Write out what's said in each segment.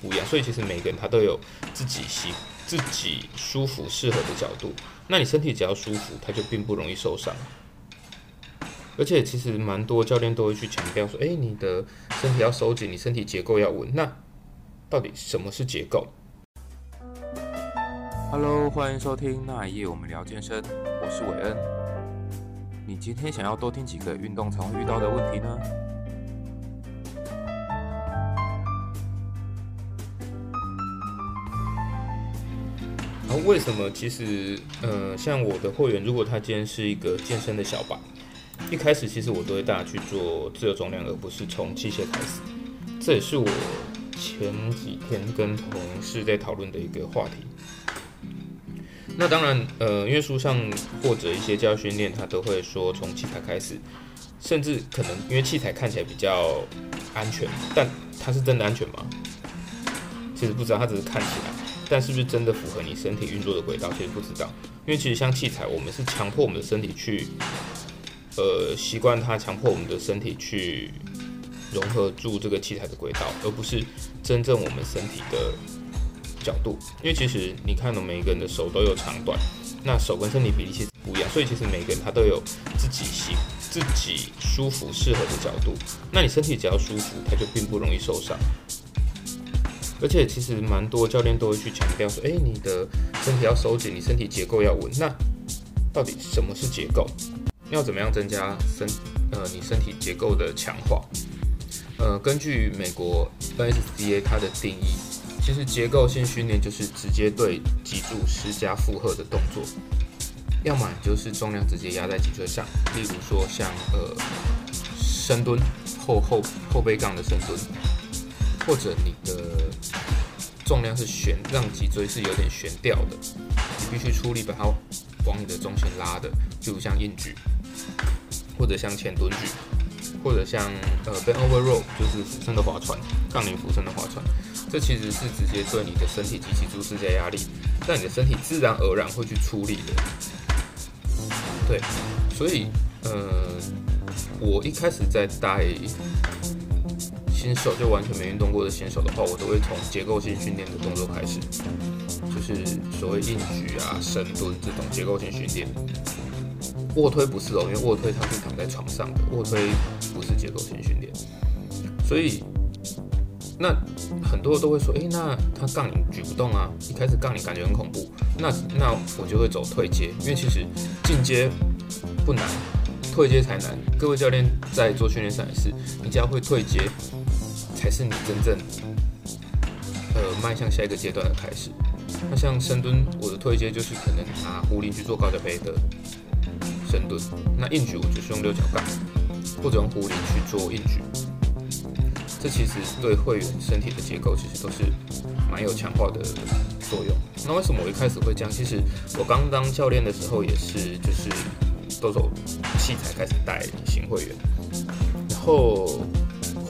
不一樣，所以其實每個人他都有自己喜、自己舒服、適合的角度。那你身體只要舒服，他就並不容易受傷。而且其實蠻多教練都會去強調說，誒、欸，你的身體要收緊，你身體結構要穩。那到底什麼是結構？哈嘍，Hello, 歡迎收聽那一夜我們聊健身，我是韋恩。你今天想要多聽幾個運動常遇到的問題呢？然後、啊、為什麼？其實，呃，像我的會員，如果他今天是一個健身的小白，一開始其實我都會帶他去做自由重量，而不是從器械開始。這也是我前幾天跟同事在討論的一個話題。那當然，呃，因為書上或者一些教育訓練，他都會說從器材開始，甚至可能因為器材看起來比較安全，但它是真的安全嗎？其實不知道，它只是看起來。但是不是真的符合你身體運作的軌道，其實不知道，因為其實像器材，我們是強迫我們的身體去，呃，習慣它，強迫我們的身體去融合住這個器材的軌道，而不是真正我們身體的角度。因為其實你看到每一個人的手都有長短，那手跟身體比例其實不一樣，所以其實每個人他都有自己喜、自己舒服、適合的角度。那你身體只要舒服，它就並不容易受傷。而且其實蠻多教練都會去強調說：“哎、欸，你的身體要收緊，你身體結構要穩。”那到底什麼是結構？要怎麼樣增加身，呃，你身體結構的強化？呃，根據美國 NSCA 它的定義，其實結構性訓練就是直接對脊柱施加負荷的動作，要麼就是重量直接壓在脊椎上，例如說像呃深蹲後後後背槓的深蹲，或者你的。重量是懸，讓脊椎是有點懸吊的，你必須出力把它往你的中心拉的，比如像硬舉，或者像前蹲舉，或者像呃 bent over row 就是俯身的划船，槓鈴俯身的划船，這其實是直接對你的身體脊椎施加壓力，但你的身體自然而然會去出力的。對，所以呃，我一開始在帶。新手就完全沒運動過的新手的話，我都會從結構性訓練的動作開始，就是所謂硬舉啊、深蹲這種結構性訓練。臥推不是哦，因為臥推它是躺在床上的，臥推不是結構性訓練。所以，那很多人都會說，誒、欸，那他槓鈴舉不動啊，一開始槓鈴感覺很恐怖，那那我就會走退階，因為其實進階不難，退階才難。各位教練在做訓練上也是，你只要會退階，還是你真正呃邁向下一個階段的開始。那像深蹲，我的推薦就是可能拿壺鈴去做高腳杯的深蹲。那硬舉，我就是用六角槓，或者用壺鈴去做硬舉。這其實對會員身體的結構其實都是蠻有強化的作用。那為什麼我一開始會這樣？其實我剛當教練的時候也是，就是都從器材開始帶新會員，然後。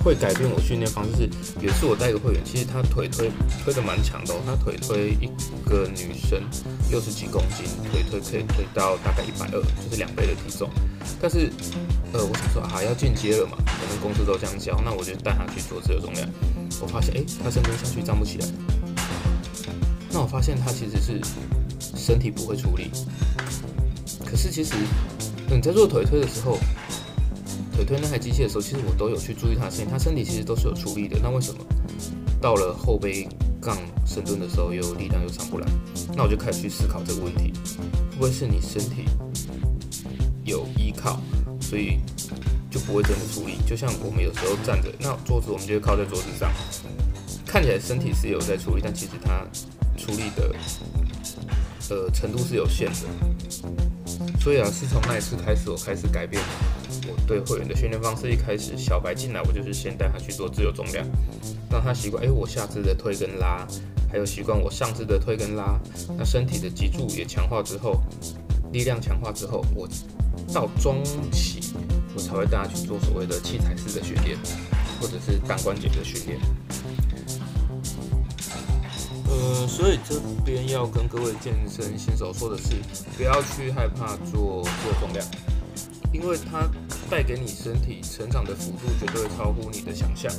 會改變我訓練方式，是，有一次我帶一個會員，其實他腿推推得蠻強的，哦。他腿推一個女生六十幾公斤，腿推可以推到大概一百二，就是兩倍的體重。但是，呃，我想說啊，要進階了嘛，我們公司都這樣教，那我就帶他去做自由重量。我發現，誒，他深蹲下去站不起來。那我發現他其實是身體不會處理，可是其實你在做腿推的時候。腿推那台機器的時候，其實我都有去注意他的身體，他身體其實都是有出力的。那為什麼到了後背槓深蹲的時候，又力量又上不來？那我就開始去思考這個問題，會不會是你身體有依靠，所以就不會真的出力？就像我們有時候站着，那桌子我們就會靠在桌子上，看起來身體是有在出力，但其實它出力的呃程度是有限的。所以啊，是從那一次開始，我開始改變。我對會員的訓練方式，一開始小白進來，我就是先帶他去做自由重量，讓他習慣。哎、欸，我下肢的推跟拉，還有習慣我上肢的推跟拉。那身體的脊柱也強化之後，力量強化之後，我到中期，我才會帶他去做所謂的器材式的訓練，或者是單關節的訓練。呃，所以這邊要跟各位健身新手說的是，不要去害怕做自由重量。因為它帶給你身體成長的幅度絕對會超乎你的想象。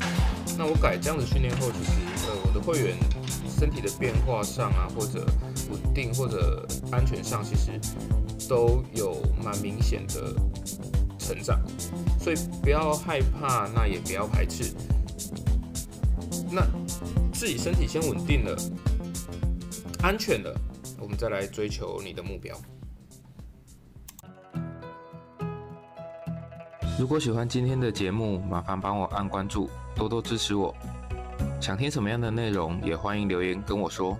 那我改這樣的訓練後，其實呃，我的會員身體的變化上啊，或者穩定或者安全上，其實都有蠻明顯的成長。所以不要害怕，那也不要排斥。那自己身體先穩定了、安全了，我們再來追求你的目標。如果喜歡今天的節目，麻煩幫我按關注，多多支持我。想聽什麼樣的內容，也歡迎留言跟我說。